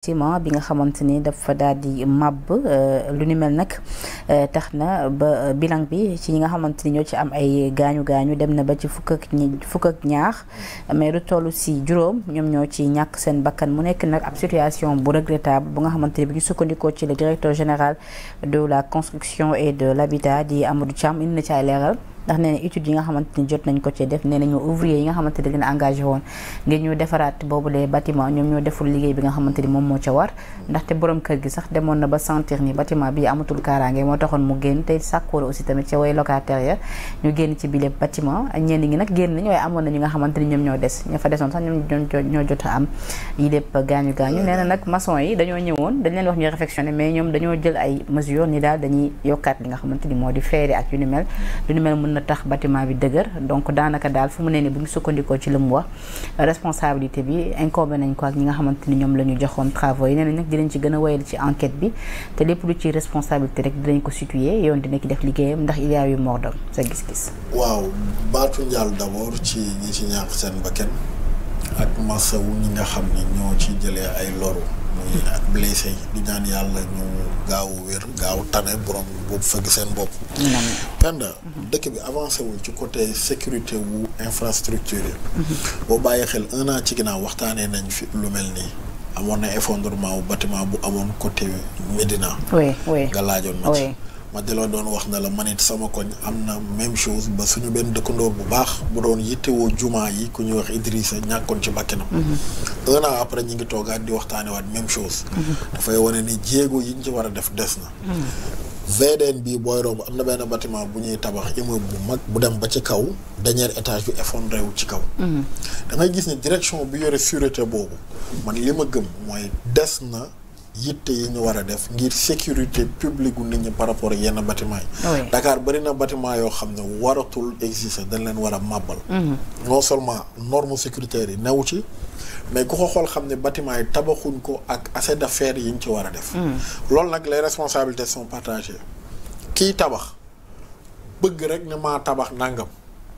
bâtiment bi nga xamante ni dafa daal di màbb euh, lu ni mel nag euh, tax na ba euh, bilan bi ci ñi nga xamante ni ñoo ci am ay gaañu gaañu dem na ba ci fukk ak ñi fukk ak ñaar mais lu toll si juróom ñoom ñoo ci ñàkk seen bakkan mu nekk nag ab situation bu regrettable bu nga xamante ni bu ñu sukkandikoo ci le directeur général de la construction et de l'habitat di Amadou Thiam indi na ci ay leeral ndax nee na yi nga xamante ni jot nañ ko ci def nee na ñoo ouvrier yi nga xamante ne dañ leen engagé woon ngir ñu defaraat boobu les bâtiment ñoom ñoo deful liggéey bi nga xamante ni moom moo ca war ndaxte borom kër gi sax demoon na ba sentir ni bâtiment bi amatul kaaraange moo taxoon mu génn te sàkkoon aussi tamit ca way locataire ya ñu génn ci bile bâtiment ñenn ñi nag génn nañ waaye amoon na nga xamante ni ñoom ñoo des ña fa desoon sax ñoom ñoo a am yi lépp gaañu gaañu nee na nag maçon yi dañoo ñëwoon dañ leen wax ñu réfectionné mais ñoom dañoo jël ay mesures ni daal dañuy yokkaat li nga xamante ni di feere ak mun na tax bâtiment bi dëgër donc daanaka daal fu mu ne ni bu sukkandikoo ci li mu wax responsabilité bi incombé nañ ko ak ñi nga xamante ni ñoom la ñu joxoon travaux yi nee nañ nag dinañ ci gën a wéyal ci enquête bi te lépp lu ci responsabilité rek dinañ ko situer yoon dina ki def liggéeyam ndax il y a eu sa gis-gis. waaw baatu njaal d'abord ci ñi ci ñàkk seen bakkan ak masawu ñi nga xam ni ñoo ci jëlee ay loru. muy ak blessé di ñaan yàlla ñu gaaw weer gaaw tane borom boobu fëgg seen bopp penda dëkk bi avancé wul ci côté sécurité wu infrastructure yi mhm. boo bàyyi xel un naa ci ginaaw waxtaanee nañ fi lu mel nii amoon na effondrement wu bâtiment bu amoon côté Médina nga laajoon ma ma di la doon wax na la man it sama koñ am na même chose ba suñu benn dëkkandoo bu baax bu doon yittewoo jumaa yi ku ñuy wax Idrissa ñàkkoon ci bakkanam mm-hmm. un an après ñi ngi toogaat di waxtaanewaat même chose mm-hmm. dafay wane ni jéego yi ñu ci war a def des na mm-hmm. VDN bii booy romb am na benn bâtiment bu ñuy tabax immeuble bu mag bu dem ba ci kaw dernier étage bi effondré wu ci kaw da ngay gis ne direction bi yore sûreté boobu man li ma gëm mooy des na yitte yi ñu war a def ngir sécurité publique gu nit ñi par rapport ak yenn bâtiment yi Dakar bëri na bâtiment yoo xam ne waratul exister dañ leen war a màbbal mhm. non seulement normes sécuritaires yi newu ci mais ku ko xool xam ne bâtiment yi tabaxuñ ko ak assez d'affaires yi ñu ci war a def mhm. loolu nag les responsabilités son partagées kii tabax bëgg rek ne maa tabax nangam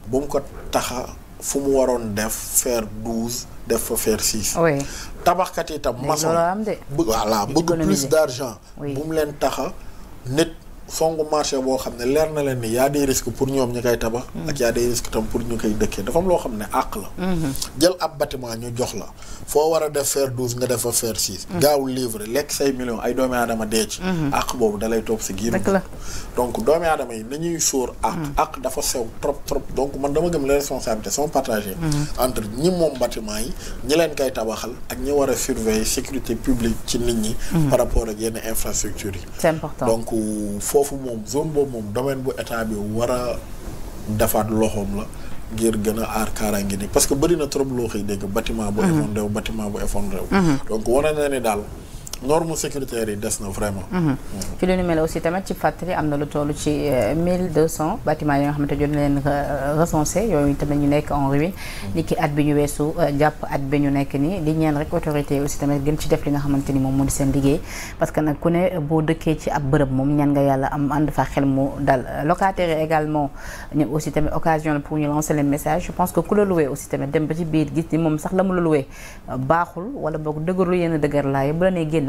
bu mu ko taxa fu mu waroon def faire douze def fa faire six tabaxkat itam maçon voilà bëgg plus d'argent bu mu leen taxa nit songu marché boo xam ne leer na leen ni y a des risques pour ñoom ñu koy tabax. Mm. ak y a des risques tam pour ñu koy dëkkee dafa loo xam ne àq la. Mm-hmm. jël ab bâtiment ñu jox la foo war a def faire douze nga def fa faire six. Mm. gaaw livre lekk say doomi aadama dee ci. Mm-hmm. àq boobu da lay topp si giir. donc doomi aadama yi nañuy sóor àq. Mm. àq dafa sew trop trop donc man dama gëm les responsabilités sont partagées. Mm-hmm. entre ñi moom bâtiment yi ñi leen koy tabaxal ak ñi war a surveiller sécurité publique ci nit ñi. par rapport foofu moom zone boobu moom domaine bu état bi war a defaat loxoom la ngir gën a aar kaaraange ni parce que bëri na trop loo xëy dégg bâtiment bu mhm. effondré wu bâtiment bu effondré wu mhm. donc wane ni daal norme sécuritaire yi des na vraiment. ci mhm. mel aussi tamit ci fàttali am na lu toll ci 1200 euh, bâtiments yi nga xamante jot na leen euh, recensé yooyu tamit ñu nekk en ruine. Mm. ni ki at euh, nekk nii di ñeen rek autorité yi aussi tamit gën ci def li nga xamante ni moom moo di seen liggéey parce que nag ku ne boo dëkkee ci ab bërëb moom ñaan nga yàlla am ànd fa xel mu dal locataires également ñoom aussi tamit occasion la pour ñu lancer le message je que ku la loué aussi tamit dem ba ci biir gis ni moom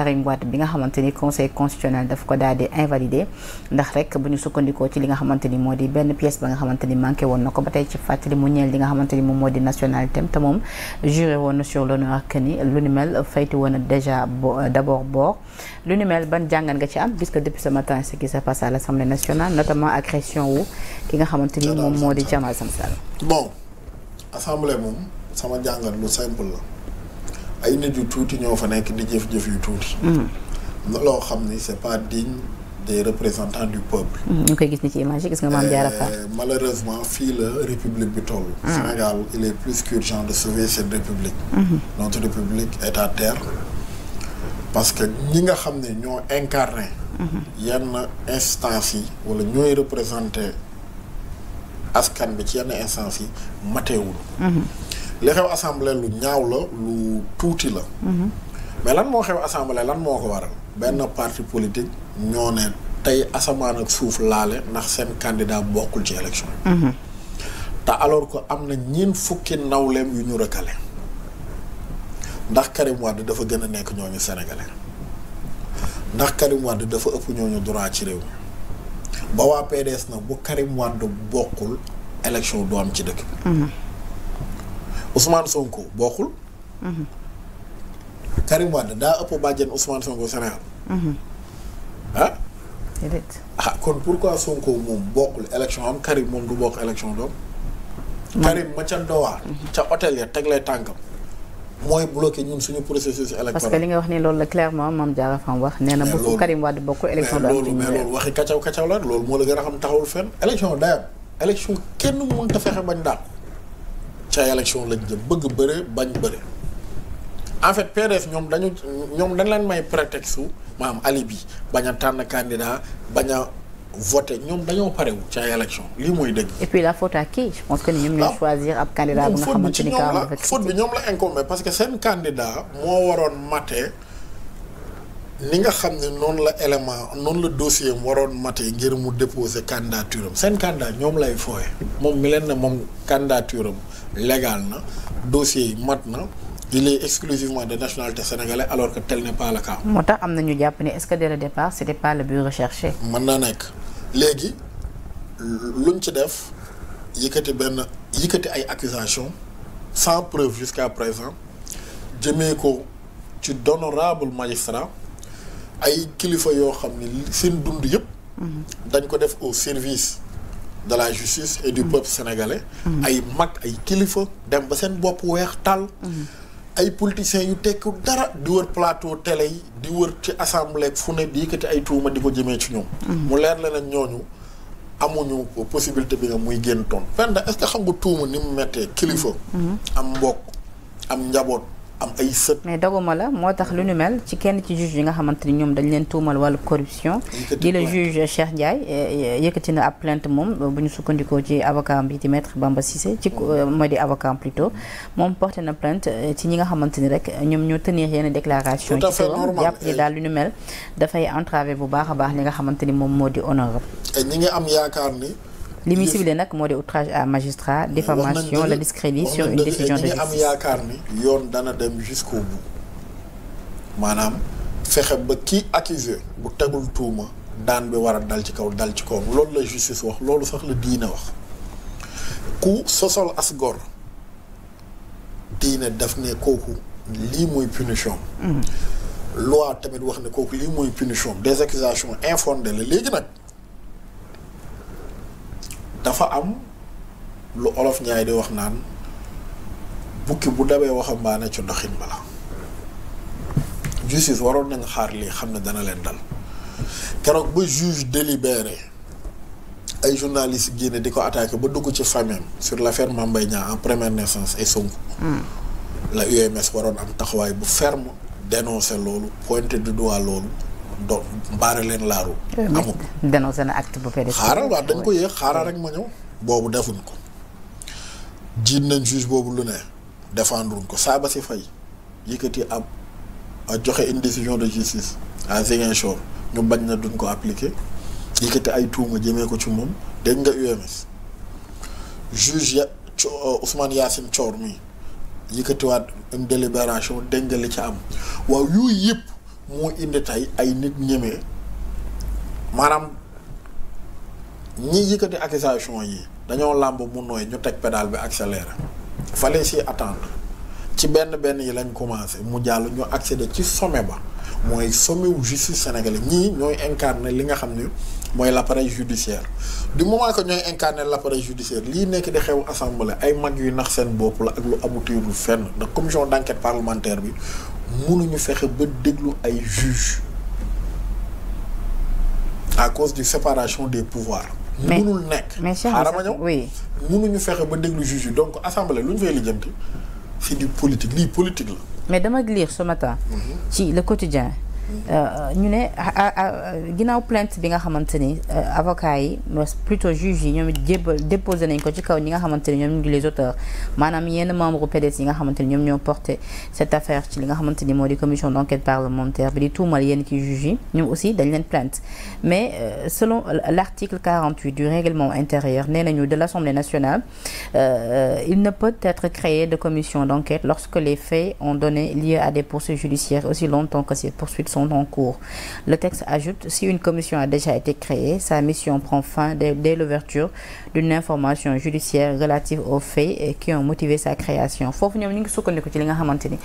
Karim Wade bi nga xamante ni conseil constitutionnel daf ko daal di invalidé ndax rek bu ñu sukkandikoo ci li nga xamante ni moo di benn pièce ba nga xamante ni woon na ko ba tey ci fàttali mu ñeel li nga xamante moom moo di nationalité te moom juré woon na sur l'honneur que ni lu ni mel lu ni mel ban jàngat nga ci am puisque depuis ce matin ce qui se passe à l'Assemblée nationale notamment agression wu ki nga xamante ni moom moo di Diomaye Sam Sall bon assemblée moom sama jàngat lu simple la ay nit yu tuuti ñoo fa nekk di jëf-jëf yu tuuti. Hmm. loo xam ni c'est pas digne des représentants du peuple. Hmm, ñu koy gis ni ci image gis nga Mame Diarra euh, Fam. malheureusement fii la république bi toll. Hmm. Sénégal il est plus qu'urgent de sauver cette république. notre république est à terre. parce que ñi nga xam ne ñoo incarné. yenn instance yi walla ñooy représenté askan bi ci yenn instance yi matewul. li xew assemblée lu ñaaw la lu tuuti la. Mhm. mais lan moo xew assemblée lan moo ko waral benn parti politique ñoo ne tey asamaan ak suuf laale ndax seen candidat bokkul ci élection mhm. te alors que am na ñeent fukki nawleem yu ñu recalé ndax Karim Wade dafa gën a nekk ñooñu sénégalais ndax Karim Wade dafa ëpp ñu droit ci réew mi ba waa PDS nag bu Karim Wade bokkul élection du am ci dëkk Ousmane Sonko bokkul. Karim Wade daa ëpp bàjjen Ousmane Sonko Sénégal. Mm-hmm. ah. ah kon pourquoi Sonko moom bokkul élection am Karim moom du bokk élection doom. Karim ma ca Ndowa. Mm-hmm. ca hôtel ya teg lay tànkam. mooy bloqué ñun suñu processus électoral. parce que li nga wax ni loolu la clairement Mame Diarra Fam wax. nee na bu Karim Wade bokkul élection. daal waxi kacaw kacaw la loolu moo la gën a xam taxawul fenn. élection day am kenn mënut a fexe bañ daal. ca élection lañ jëm bëgg bëre bañ bëre en fait PDS ñoom dañu ñoom dañ leen may prétexte su maanaam alibi bañ a tànn candidat bañ a voté ñoom dañoo parewul ca élection lii mooy dëgg. et puis la faute à qui je pense que ñoom ñoo ah. choisir ab parce que seen candidat moo waroon mate. ni nga xam ne noonu la élément noonu la dossier am waroon matee ngir mu déposer candidature am seen candidat ñoom lay fooy moom mi leen ne moom candidature am légal na dossier yi mat na il est exclusivement de nationalité sénégalaise alors que tel n'est pas le cas. moo tax am na ñu jàpp ne est-ce que dès le départ c'était pas le but recherché. mën na nekk léegi luñ ci def yëkkati benn yëkkati ay accusations sans preuve jusqu'à présent jëmee ko ci d'honorable magistrat ay kilifa yoo xam ne seen dund yëpp. dañ ko def au service de la justice et du peuple sénégalais. ay mag ay kilifa dem ba seen bopp weex tàll. ay politiciens yu tekku dara di wër plateau télé yi di wër ci assemblée fu ne di yëkkati ay tuuma di ko jëmee ci ñoom. mu leer la ne ñooñu amuñu possibilité bi nga muy génn toon. Penda est-ce que xam nga tuuma ni mu méttee. kilifa. Mm-hmm. am mbokk am njaboot. am ay sët. mais doguma la moo tax lu nu mel ci kenn ci juge yi nga xamante ni ñoom dañ leen tuumal wàllu corruption. di la juge Cheikh Ndiaye eh, eh, yëkkati na ab plainte moom bu ñu sukkandikoo ci avocat bi di maître Bamba Cissé ci mm-hmm. mooy di avocat plutôt moom porté na plainte eh, ci ñi nga xamante ni rek ñoom ñoo tenir yenn déclaration. tout à fait normal jàpp ni daal lu nu mel dafay entraver bu baax a baax li nga xamante ni moom moo di honneur. ñi nga am yaakaar ni. li muy ciblé nag moo di outrage à magistrat diffamation le discrédit sur une décision de justice am yaakaar ni yoon dana dem jusqu'au bout maanaam fexe ba kii accusé bu tegul tuuma daan bi war dal ci kaw dal ci kaw loolu la justice wax loolu sax la diine wax ku sosol as gor diine daf ne kooku lii mooy punition mm. loi tamit wax ne kooku lii mooy punition des accusations infondées la léegi nag dafa am lu olof ñaay di wax naan bukki bu dabee waxambaane ci ndoxin bala justice waroon nañ xaar lii xam ne dana leen dal keroog ba juge délibéré ay journalistes génne di ko attaqué ba dugg ci famille sur la Mame Mbaye en première naissance et Sonko hmm. la UMS waroon am taxawaay bu ferme dénoncé loolu pointé du doigt loolu doon baare leen laaru amul dénoncé na acte bu xaaral waaw dañ ko yéex xaaral rek ma ñëw boobu defuñ ko jiit nañ juge boobu lu ne défendruñ ko saaba si fay yëkkati ab a joxe indécision décision de justice à Ziguinchor ñu bañ na duñ ko appliqué yëkkati ay tuuma jëmee ko ci moom dégg nga UMS juge ya euh, Ousmane Yacine coor mii yëkkatiwaat une délibération dégg nga li ci am waaw yooyu yëpp moo indi tey ay nit ñemee maanaam ñi yëkkati accusation yi dañoo làmb mu nooy ñu teg pédale bi accéléré fale si attendre ci benn benn yi lañ commencé mu jàll ñu accéder ci sommet ba mooy sommet wu justice sénégalais ñii ñooy incarné li nga xam ni mooy l' appareil judiciaire du moment que ñooy incarner l' appareil judiciaire lii nekk di xew assemblée ay mag yuy nax seen bopp la ak lu amutirul fenn ndax commission d' enquête parlementaire bi mënuñu fexe ba déglu ay juge à cause du séparation des pouvoirs. mënul nekk xaaral ma ñëw mënuñu fexe ba déglu juge yi donc assemblée lu ñu fay lijjanti c' est politique lii politique la. mais dama lire ce matin. Mhm. ci le quotidien. Euh, ñu ne ginnaaw plainte bi nga xamante ni euh, avocat yi plutôt juge yi ñoom jébbal déposé ko ci kaw ñi nga xamante ni ñoom ñu ngi les auteurs maanaam yenn membre PDS yi nga xamante ni ñoom ñoo porté cette affaire ci li nga xamante ni moo di commission d'enquête parlementaire bi di tuumal yenn ki juge ñoom aussi dañ leen plainte mais euh, selon l'article du règlement intérieur nee nañu de l'Assemblée nationale il ne peut être créé de commission d'enquête lorsque sont en cours. Le texte si une commission a déjà été créée, sa mission prend fin dès, dès l'ouverture d'une information judiciaire relative aux faits qui ont motivé sa création foofu ñoom ñu ngi sukkandiku ci li nga xamante ni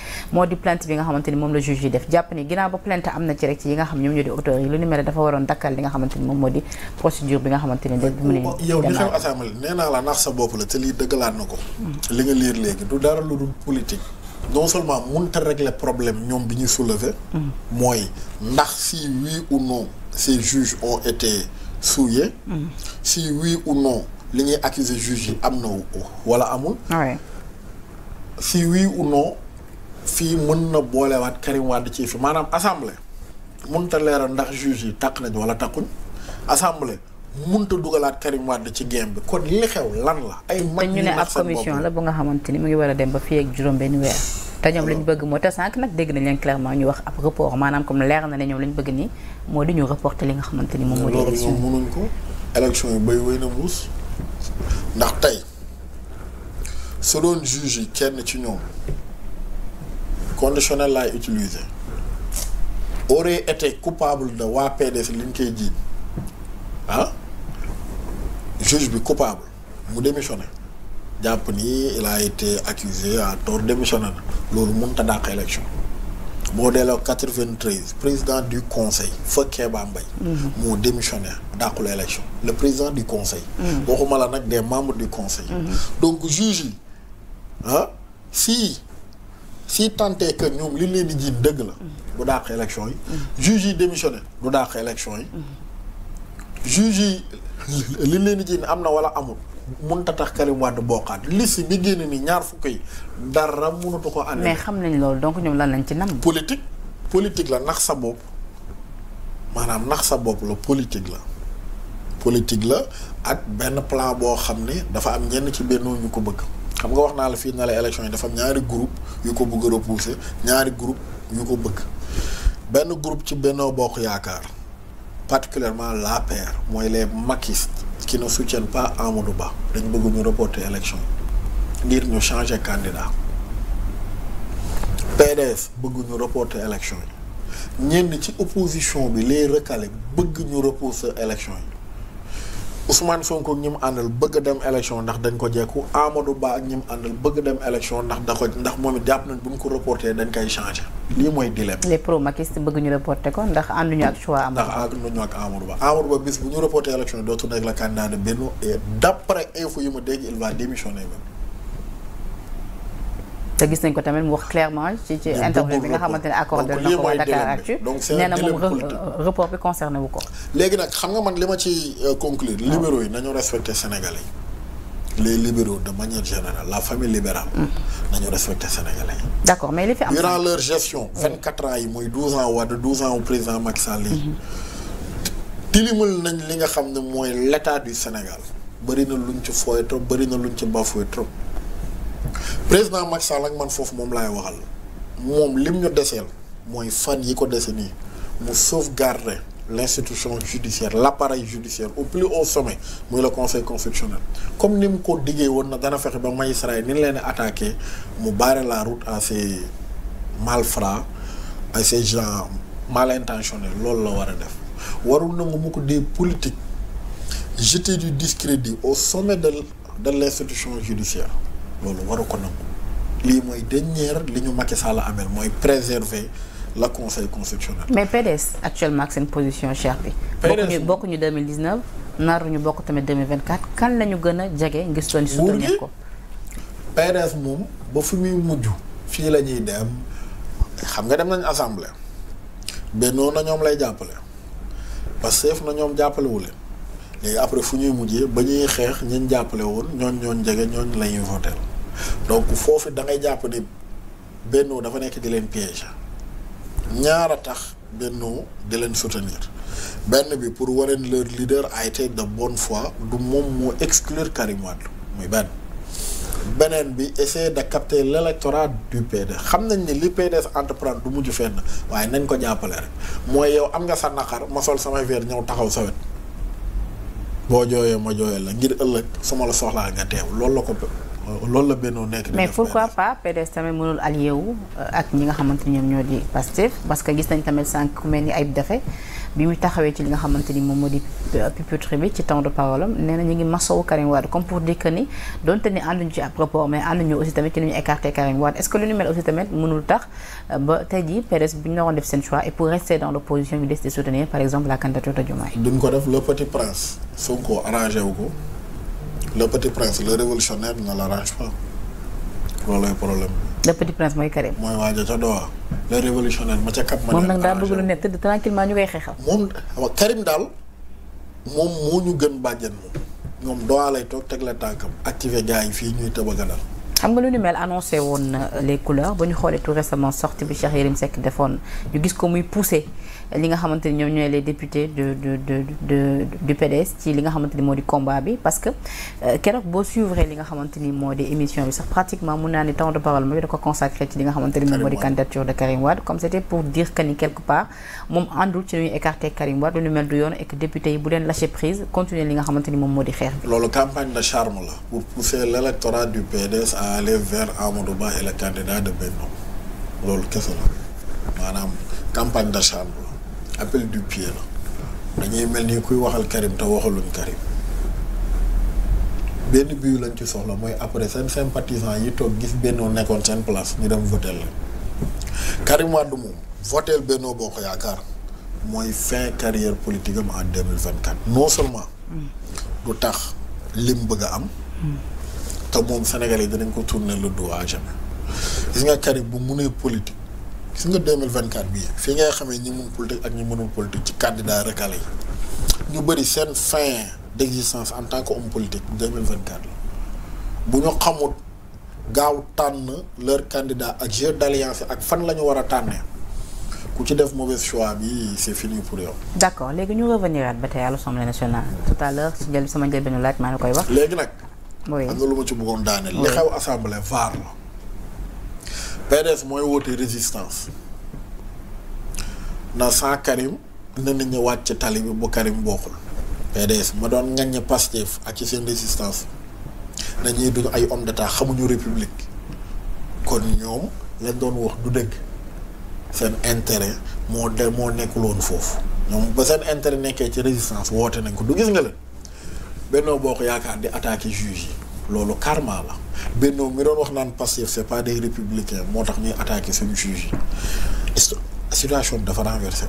di plainte bi nga xamante moom la juge yi def jàpp ni ba plainte am na ci rek ci yi nga xam ñoom ñoo di auteurs yi lu ni mel dafa waroon dakkal li nga xamante moom moo di procédure bi nga xamante ni dégg mu ne mm. nga liir léegi du non seulement mun ta régler problème ñoom bi ñu soulever. Mm. mooy ndax si oui ou non ces juges ont été souillés. Mm. si oui ou li ñuy accuser juges yi am na wala amul. si oui uno fii mën na boolewaat Karim Wade ci fi maanaam assemblée mënut ta leeral ndax juges yi takk nañ wala takkuñ assemblée. munta dugalaat Karim Wade ci game bi kon li xew lan la. ay mag ñu ne ab commission la bu nga xamante ni mu ngi war a dem ba fi ak juróom-benn weer. te ñoom lañ ñu bëgg moo te sànq nag dégg na leen clairement ñu wax ab report maanaam comme leer na ne ñoom li ñu bëgg nii moo di ñu reporter li nga xamante ni moom moo di. élection loolu mënuñ ko élection yi bay wéy na muus ndax tey su doon juge yi kenn ci ñoom conditionnel laay utilisé aurait été coupable de waa juge bi coupable mu démissionné jàpp ni il a été accusé à tort loolu mënut a dàq élection boo delloo 93 président du conseil fa Kéba Mbaye mhm. moo démissionné dàqul élection le président du conseil mhm. waxuma la nag des membres du conseil mhm. donc juge yi ah si si tant que ñoom li leen di jiin dëgg la du dàq élection yi juge yi démissionné du dàq élection yi juge yi li leen di génn am na wala amul mënut a tax Karim Wade bokkaat liste bi génn ni ñaar fukk yi dara mënatu ko ànd. mais xam nañ loolu donc ñoom lan lañ ci nam. politique politique la nax sa bopp maanaam nax sa bopp la politique la politique la ak benn plan boo xam ne dafa am ñenn ci bennoo ñu ko bëgg. xam nga wax naa la fii na la élection yi dafa ñaari groupe yu ko bëgg a repousser ñaari groupe yu ko bëgg benn groupe ci bennoo bokk yaakaar. particulièrement l'APR mooy les maquistes qui ne soutiennent pas Amadou Ba dañ bëgguñu ñu reporter élection ngir ñu changer candidat PDS bëgguñu ñu reporter élection yi ñenn ci opposition bi les recalés bëgg ñu repousser élection yi Ousmane Sonko ak ñi mu àndal bëgg dem élection ndax dañ ko jekku Amadou Ba ak ñi àndal bëgg dem élection ndax da ko ndax moom it jàpp nañ bu ñu ko reporté dañ koy changé lii mooy dilemme. les pro-maquistes bëgg ñu reporté ko ndax ànduñu ak choix Amadou Ba ndax ànduñu ak Amadou Ba Amadou Ba bis bu ñu reporté élection dootu nekk la candidat de Benno et d'après yu ma dégg il va démissionner même. te gis nañ ko tamit mu wax clairement ci ci interview bi nga xamante ne accordé na ko waa Dakaractu nee na moom report bi concerné wu ko léegi nag xam nga man li ma ci euh, conclure ah. libéraux yi nañu respecté sénégalais yi les libéraux de manière générale la famille libérale mm. nañu respecté sénégalais yi d'accord mais li fi am leur gestion vingt quatre ans yi mooy douze ans waa de douze ans au président Macky Sall mm-hmm. tilimul nañ li nga xam ne mooy l'état du Sénégal bëri na luñ ci fooy trop bëri na luñ ci bafoué trop président Macky Sall ak man foofu moom laay waxal moom lim ñu deseel mooy fan yi ko dese nii mu sauvegarder l'institution judiciaire l'appareil judiciaire au plus au sommet muy la conseil constitutionnel comme ni mu ko diggee woon na dana fexe ba magistrat yi ni leen attaqué mu barrer la route à ces malfrats à ces gens mal intentionnés loolu la war a def warul nangu mu ko des politiques jeter du discrédit au sommet de de l'institution judiciaire loolu waru ko nangu lii mooy dernier li ñu Macky Sall amel mooy préserver la conseil constitutionnel. mais PDS actuellement ak seen position chère bi. PDS bokkuñu naar 2019 ñu bokk tamit 2024 kan lañu gën a jege ngir soññ. soutenir ko PDS moom ba fi muy mujj fii la ñuy dem xam nga dem nañ assemblée. Benno na ñoom lay jàppale Pastef na ñoom jàppalewu léegi après fu ñuy mujjee ba ñuy xeex ñeen jàppale woon ñooñ ñooñ jege ñooñ la ñuy voté donc foofu da ngay jàpp ne Benno dafa nekk di leen piège ñaar a tax Benno di leen soutenir benn bi pour wane leur leader a été de bonne foi du moom moo exclure Karim Wade muy benn beneen bi essayer de capter l' électorat du PDS xam nañ ni li PDS entreprendre du mujj fenn waaye nañ ko jàppale rek mooy yow am nga sa naqar ma sol samay verre ñëw taxaw sa boo jooyee ma jooyal la ngir ëllëg suma la soxlaa nga teew loolu la ko loolu la bennoo nekk. mais pourquoi pas PDS tamit mënul allié wu euh, ak ñi nga xamante ñoom ñoo di Pastef parce que gis nañ tamit sànq ku mel ni ay Daffé bi mu taxawee ci li nga xamante ni moom moo di pupitre bi ci temps de parole am ñu ngi masawu Karim comme pour dire que ni donte ni ànduñu ci ab rapport mais ànduñu aussi tamit ci nu ñu écarté Karim est ce que lu ñu mel aussi tamit tax ba tey jii PDS bi ñu waroon def seen choix et pour rester dans l'opposition ñu des di soutenir par exemple la candidature de Diomaye. duñ ko def le petit prince. Sonko arrangé wu ko le petit prince le révolutionnaire ne l'arrange pas loolooy problème moom moo ñu gën bàjjen moom ñoom doa lay toog teg la tànkam activé gars yi fii ñuy tëb a ganal xam nga lu ni mel annoncé woon euh, les couleurs ba ñu xoolee tout récemment sortie bi Cheikh Yérim sekk defoon ñu gis ko muy poussé li nga xamante ni ñoom ñooy les députés de li nga xamante ni moo di combat bi parce que euh, keroog boo suivre li nga xamante ni moo di émission bi sax pratiquement mun naa ne temps de parole mooy da ko consacré ci li nga xamante ni moom moo di candidature de Karim Wade comme c'était pour dire que ni quelque part moom àndul ci ñuy écarter Karim Wade lu mel du yoon et député yi bu leen lâcher prise continuer li nga xamante moom moo di xeex bi. loolu campagne de charme la pour pousser l'électorat appel du pied la dañuy mel ni kuy waxal Karim te waxaluñ Karim benn biu lañ ci soxla mooy après seen sympathisant yi toog gis bennoo nekkoon seen place ñu dem votel la Karim Wade moom votel bennoo boo yaakaar mooy fin carrière politique am en deux mille vingt quatre non seulement du tax lim bëgg a am te moom Sénégalais dinañ ko tourner le dos à gis nga Karim bu munee politique gis nga 2024 bii fii ngay xamee ñi mun politique ak ñi mënul politique ci candidat recalé yi ñu bëri seen fin d'existence en tant que homme politique 2024 la bu ñu xamut gaaw tànn leur candidat ak jeu d'alliance ak fan la ñu war a tànnee ku ci def mauvais choix bi c'est fini pour yow. d'accord léegi ñu revenir at ba tey à l'Assemblée nationale tout à l'heure ci laaj maa ngi koy wax. léegi nag. oui am na lu ma ci bëggoon daaneel. li xew assemblée vaar PDS mooy woote résistance na sans Karim na nit ñi wàcc tali bi bu Karim bokkul PDS ma doon ŋaññi Pastef ak ci seen résistance na ñuy duñu ay homme d'état xamuñu république kon ñoom lañ doon wax du dëkk seen intérêt moo de moo nekkuloon foofu ñoom ba seen intérêt nekkee ci résistance woote nañ ko du gis nga la Benno Bokk Yaakaar di attaquer juge yi loolu karma la Benno mi doon wax naan Pastef c'est pas des républicains moo tax ñuy attaque seen juge yi situation dafa renversé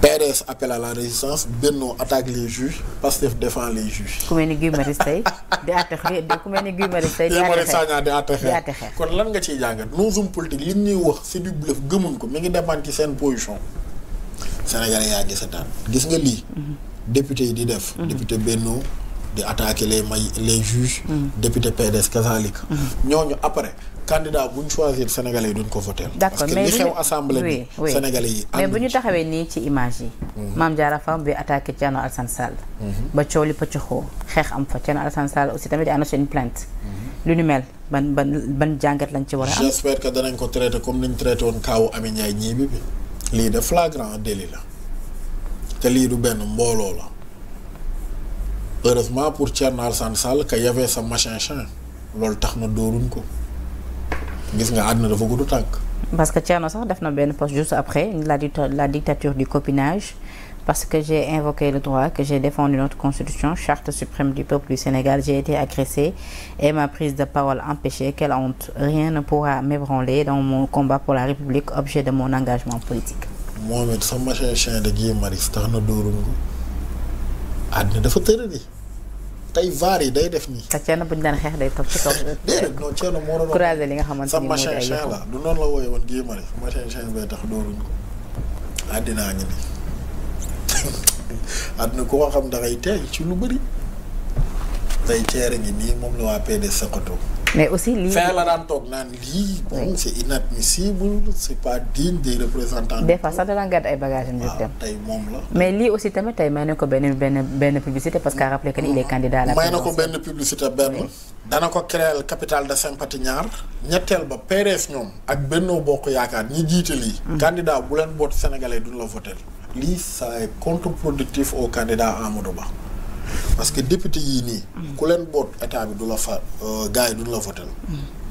PDS appelle à la résistance Benno attaque les juges Pastef défend les juges. ku mel ni Guy Marius Sagna ku mel ni Guy Marius Sagna kon lan nga ciy jàngat nos hommes politiques li ñuy wax c'est du bluff gëmuñ ko mi ngi dépendre ci seen position. Sénégalais yaa ngi seetaan gis nga lii. Mhm. député yi di def. Mhm. député Benno. di attaquer les may les juges. Mm. député PDS Kazalika. Mm. ñooñu après candidat bu ñu choisir sénégalais yi duñ ko voté. d'accord mais bu taxawee nii ci image yi. Mm-hmm. Mame Diarra Fam bi attaqué Thierno Alassane Sall. Mm-hmm. ba coow li pëccëxoo xeex am fa Thierno Alassane Sall aussi tamit di annoncé une plainte. Mm-hmm. lu ni mel ban ban jàngat lañ ci war a am. danañ ko traité comme ni ñu traité woon Kaawu Amy Ndiaye ñii bi lii de flagrant délit la te lii du benn mbooloo la. heureusement pour Thierno Alassane Sall que y sa machin chan loolu tax na dóoruñ ko gis nga àdduna dafa gudd tànk. parce que Thierno sax def na benn poste juste après la la dictature du copinage parce que j'ai invoqué le droit que j'ai défendu notre constitution charte suprême du peuple du Sénégal j'ai été agressé et ma prise de parole empêchée quelle honte rien ne pourra m'ébranler dans mon combat pour la République objet de mon engagement politique moom sa machin tey vaar yi day def nii. te Thierno bu ñu daan xeex day toog ci kaw. déedéet non Thierno moo doon. croisé li nga xamante ni moo di ay yëpp la du noonu la wooyee woon Guy Marius machin chien tax dooruñ ko. àddinaa ngi nii àddina ku xam da ngay teey ci lu bëri. tey ceere ngi nii moom la waa PDS saqatoo. mais aussi lii fin la daan toog naan lii bon c' est inadmissible c' est pas digne des représentants. des sax da daan gàdd ay bagages am. Ah, waaw tey moom la. mais lii aussi tamit tey may na ko benn benn benn publicité parce que a rappelé que ni il est la. may na ko benn publicité benn. dana ko créer capital de sympathie ñaar. ñetteel ba PDS ñoom. ak Benno Bokk Yaakaar ñi jiite lii. Mm. candidat bu leen boot sénégalais duñ la voté lii ça est contre-productif o candidat parce que député yii nii. ku leen boot état bi du la fa euh, gars yi duñu la votel